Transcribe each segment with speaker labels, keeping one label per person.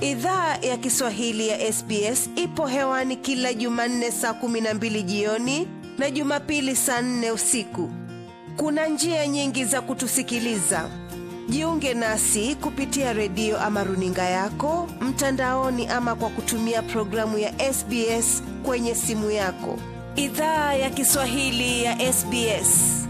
Speaker 1: Idhaa ya Kiswahili ya SBS ipo hewani kila Jumanne saa kumi na mbili jioni na Jumapili saa nne usiku. Kuna njia nyingi za kutusikiliza. Jiunge nasi kupitia redio ama runinga yako mtandaoni, ama kwa kutumia programu ya SBS kwenye simu yako. Idhaa ya Kiswahili ya SBS.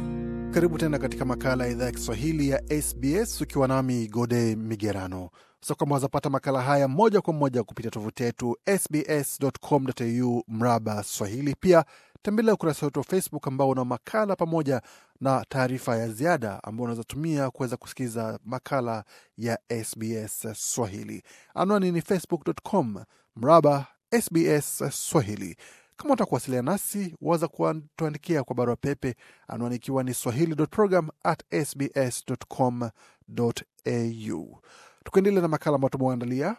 Speaker 1: Karibu tena katika makala ya idhaa ya Kiswahili ya SBS ukiwa nami Gode Migerano so kwamba wazapata makala haya moja kwa moja kupitia tovuti yetu sbs.com.au mraba Swahili. Pia tembelea ukurasa wetu wa Facebook ambao una makala pamoja na taarifa ya ziada ambao unawezatumia kuweza kusikiliza makala ya SBS Swahili. Anwani ni facebook.com mraba SBS Swahili. Kama utakuwasilia nasi, waweza kutuandikia kwa barua pepe, anwani ikiwa ni swahili sbscomau Tukaendelea na makala ambayo tumewaandalia.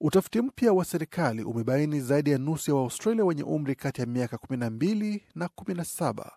Speaker 1: Utafiti mpya wa serikali umebaini zaidi ya nusu ya Waaustralia wenye umri kati ya miaka 12 na 17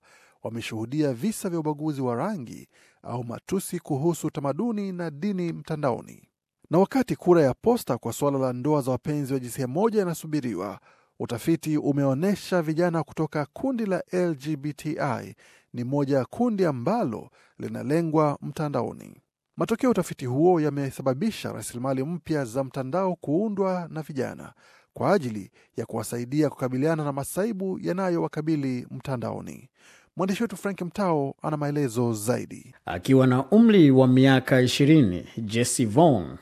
Speaker 1: wameshuhudia visa vya ubaguzi wa rangi au matusi kuhusu tamaduni na dini mtandaoni. Na wakati kura ya posta kwa suala la ndoa za wapenzi wa jinsia moja inasubiriwa, utafiti umeonyesha vijana kutoka kundi la LGBTI ni moja ya kundi ambalo linalengwa mtandaoni. Matokeo ya utafiti huo yamesababisha rasilimali mpya za mtandao kuundwa na vijana kwa ajili ya kuwasaidia kukabiliana na masaibu yanayowakabili mtandaoni. Mwandishi wetu Frank Mtao ana maelezo
Speaker 2: zaidi. Akiwa na umri wa miaka 20, Jesse Von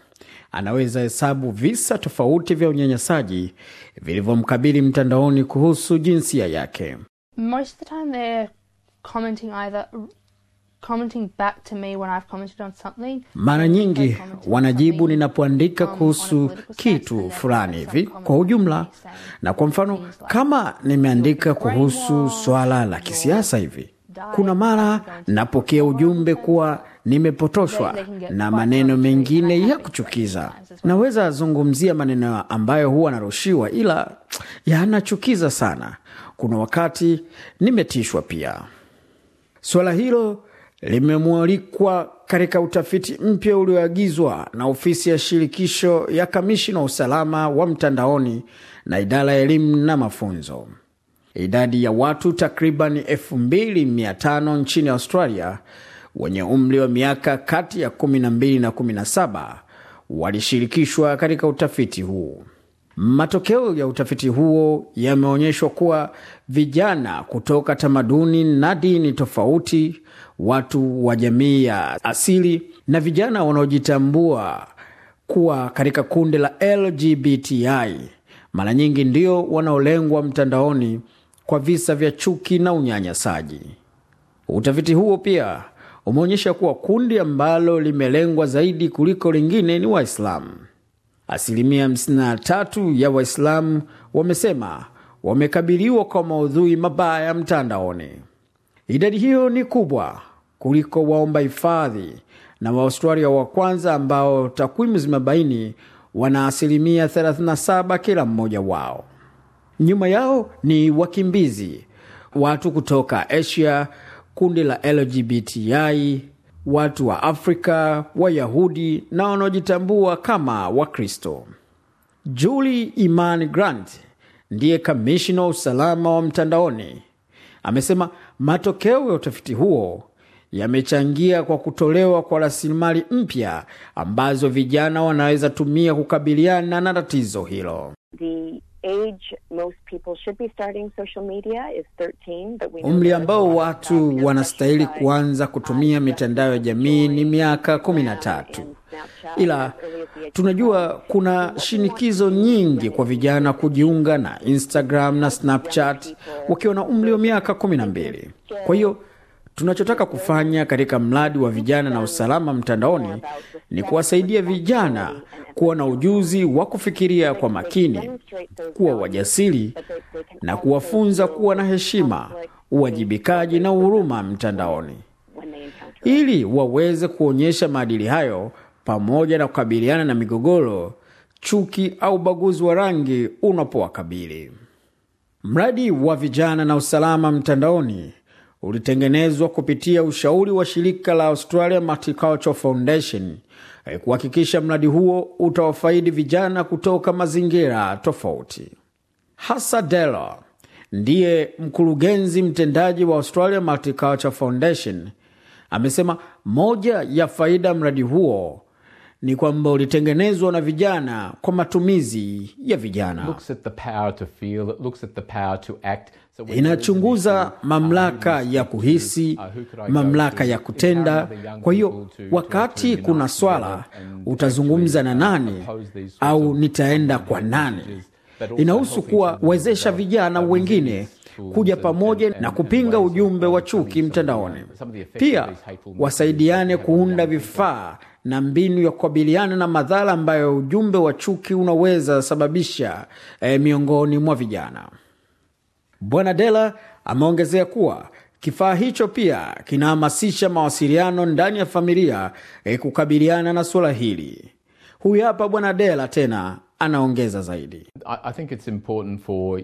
Speaker 2: anaweza hesabu visa tofauti vya unyanyasaji vilivyomkabili mtandaoni kuhusu jinsia yake.
Speaker 1: Most of the time
Speaker 2: mara nyingi wanajibu ninapoandika kuhusu kitu fulani hivi kwa ujumla, na kwa mfano kama nimeandika kuhusu swala la kisiasa hivi, kuna mara napokea ujumbe kuwa nimepotoshwa na maneno mengine ya kuchukiza. Naweza zungumzia maneno ambayo huwa narushiwa, ila yanachukiza sana. Kuna wakati nimetishwa pia. Swala hilo limemualikwa katika utafiti mpya ulioagizwa na ofisi ya shirikisho ya kamishina wa usalama wa mtandaoni na idara ya elimu na mafunzo. Idadi ya watu takriban 2500 nchini Australia wenye umri wa miaka kati ya 12 na 17 walishirikishwa katika utafiti huu. Matokeo ya utafiti huo yameonyeshwa kuwa vijana kutoka tamaduni na dini tofauti, watu wa jamii ya asili na vijana wanaojitambua kuwa katika kundi la LGBTI mara nyingi ndio wanaolengwa mtandaoni kwa visa vya chuki na unyanyasaji. Utafiti huo pia umeonyesha kuwa kundi ambalo limelengwa zaidi kuliko lingine ni Waislamu. Asilimia 53 ya Waislamu wamesema wamekabiliwa kwa maudhui mabaya mtandaoni. Idadi hiyo ni kubwa kuliko waomba hifadhi na Waaustralia wa kwanza ambao takwimu zimebaini wana asilimia 37 kila mmoja wao. Nyuma yao ni wakimbizi, watu kutoka Asia, kundi la LGBTI watu wa Afrika, Wayahudi na wanaojitambua kama Wakristo. Julie Iman Grant ndiye kamishina wa usalama wa mtandaoni. Amesema matokeo ya utafiti huo yamechangia kwa kutolewa kwa rasilimali mpya ambazo vijana wanaweza tumia kukabiliana na tatizo hilo. The Age most people should be starting social media is 13, but we know umri ambao watu wanastahili kuanza kutumia mitandao ya jamii ni miaka kumi na tatu, ila tunajua kuna shinikizo nyingi kwa vijana kujiunga na Instagram na Snapchat wakiwa na umri wa miaka kumi na mbili. Kwa hiyo Tunachotaka kufanya katika mradi wa vijana na usalama mtandaoni ni kuwasaidia vijana kuwa na ujuzi wa kufikiria kwa makini, kuwa wajasiri na kuwafunza kuwa na heshima, uwajibikaji na huruma mtandaoni ili waweze kuonyesha maadili hayo pamoja na kukabiliana na migogoro, chuki au ubaguzi wa rangi unapowakabili. Mradi wa vijana na usalama mtandaoni ulitengenezwa kupitia ushauri wa shirika la Australia Multicultural Foundation kuhakikisha mradi huo utawafaidi vijana kutoka mazingira tofauti. Hasa Delo ndiye mkurugenzi mtendaji wa Australia Multicultural Foundation amesema moja ya faida mradi huo ni kwamba ulitengenezwa na vijana kwa matumizi ya vijana. Inachunguza uh, mamlaka ya kuhisi, mamlaka ya kutenda. Kwa hiyo wakati kuna swala, utazungumza na uh, nani au nitaenda kwa nani? Inahusu kuwawezesha vijana wengine kuja pamoja na kupinga ujumbe wa chuki mtandaoni. Pia wasaidiane kuunda vifaa na mbinu ya kukabiliana na madhara ambayo ujumbe wa chuki unaweza sababisha e, miongoni mwa vijana. Bwana Dela ameongezea kuwa kifaa hicho pia kinahamasisha mawasiliano ndani ya familia e, kukabiliana na suala hili. Huyu hapa Bwana Dela tena anaongeza zaidi. Uh,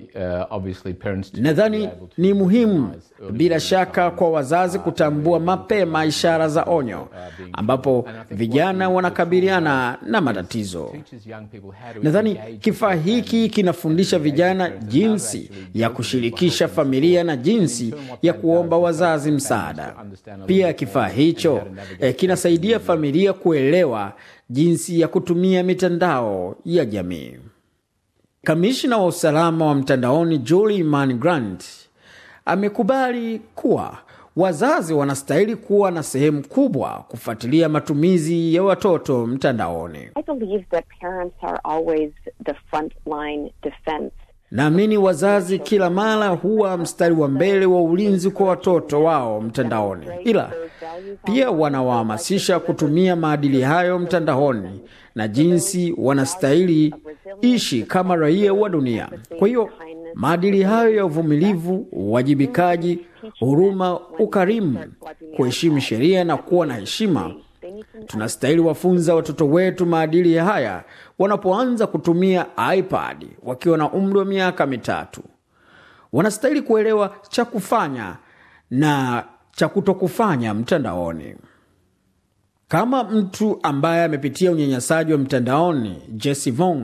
Speaker 2: Nadhani ni muhimu bila shaka kwa wazazi kutambua mapema ishara za onyo uh, ambapo vijana wanakabiliana na matatizo. Nadhani kifaa hiki kinafundisha vijana jinsi ya kushirikisha familia na jinsi ya kuomba wazazi msaada. Pia kifaa hicho eh, kinasaidia familia kuelewa jinsi ya kutumia mitandao ya jamii. Kamishna wa usalama wa mtandaoni Julie man Grant amekubali kuwa wazazi wanastahili kuwa na sehemu kubwa kufuatilia matumizi ya watoto mtandaoni. I believe that parents are always the defense Naamini wazazi kila mara huwa mstari wa mbele wa ulinzi kwa watoto wao mtandaoni, ila pia wanawahamasisha kutumia maadili hayo mtandaoni na jinsi wanastahili ishi kama raia wa dunia. Kwa hiyo maadili hayo ya uvumilivu, uwajibikaji, huruma, ukarimu, kuheshimu sheria na kuwa na heshima Tunastahili wafunza watoto wetu maadili ya haya wanapoanza kutumia iPad wakiwa na umri wa miaka mitatu. Wanastahili kuelewa cha kufanya na cha kutokufanya mtandaoni. Kama mtu ambaye amepitia unyanyasaji wa mtandaoni, Jesse Vong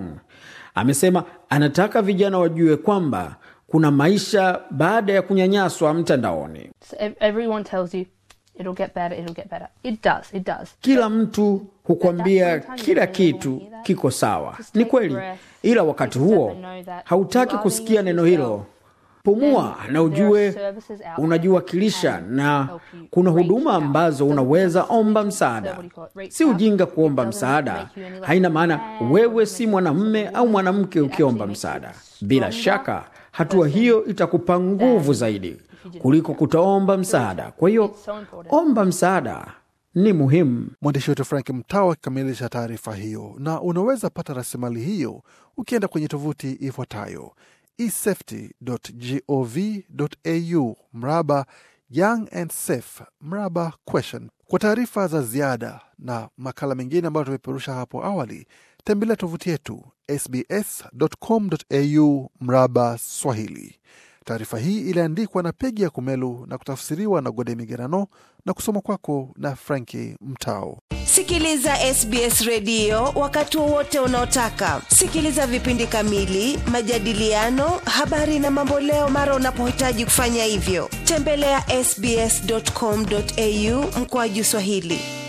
Speaker 2: amesema anataka vijana wajue kwamba kuna maisha baada ya kunyanyaswa mtandaoni.
Speaker 1: So It'll get better, it'll get better. It does, it does.
Speaker 2: Kila mtu hukwambia kila kitu kiko sawa, ni kweli, ila wakati huo hautaki kusikia neno hilo. Pumua na ujue unajiwakilisha, na kuna huduma ambazo unaweza omba msaada. Si ujinga kuomba msaada, haina maana wewe si mwanamume au mwanamke ukiomba msaada. Bila shaka hatua hiyo itakupa nguvu zaidi kuliko kutoomba msaada. Kwa hiyo omba msaada ni muhimu. Mwandishi wetu Frank Mtao akikamilisha taarifa hiyo. Na unaweza
Speaker 1: pata rasilimali hiyo ukienda kwenye tovuti ifuatayo esafety.gov.au mraba young and safe mraba question. Kwa taarifa za ziada na makala mengine ambayo tumepeperusha hapo awali, tembelea tovuti yetu sbs.com.au mraba Swahili. Taarifa hii iliandikwa na Pegi ya Kumelu na kutafsiriwa na Gode Migerano na kusoma kwako na Franki Mtao. Sikiliza SBS redio wakati wowote unaotaka. Sikiliza vipindi kamili, majadiliano, habari na mamboleo mara unapohitaji kufanya hivyo. Tembelea ya sbs.com.au mkoaju Swahili.